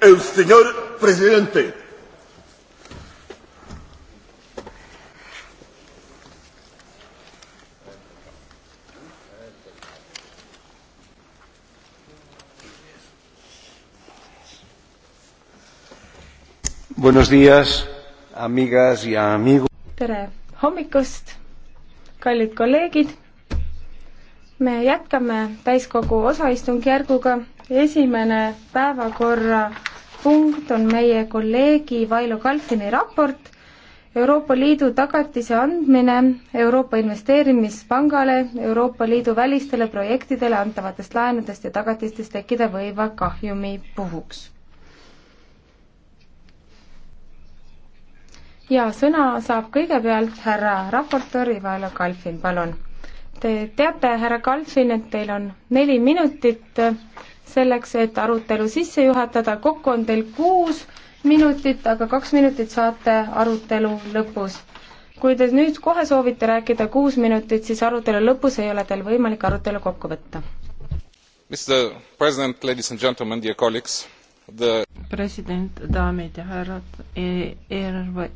el señor presidente. Buenos días, amigas ja amigos. tere hommikust, kallid kolleegid. me jätkame täiskogu osaistungjärguga. esimene päevakorra punkt on meie kolleegi Vailo Kalfini raport Euroopa Liidu tagatise andmine Euroopa Investeerimispangale Euroopa Liidu välistele projektidele antavatest laenudest ja tagatistest tekkida võiva kahjumi puhuks. ja sõna saab kõigepealt härra raportöör Ivailo Kalfin, palun. Te teate, härra Kalfin, et teil on neli minutit selleks, et arutelu sisse juhatada. kokku on teil kuus minutit, aga kaks minutit saate arutelu lõpus. kui te nüüd kohe soovite rääkida kuus minutit, siis arutelu lõpus ei ole teil võimalik arutelu kokku võtta. The... president, daamid ja härrad e,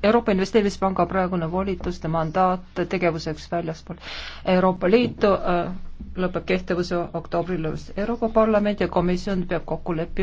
Euroopa Investeerimispanga praegune volituste mandaat tegevuseks väljaspool Euroopa Liitu äh, lõpeb kehtivuse oktoobri lõpus. Euroopa Parlament ja komisjon peab kokku leppima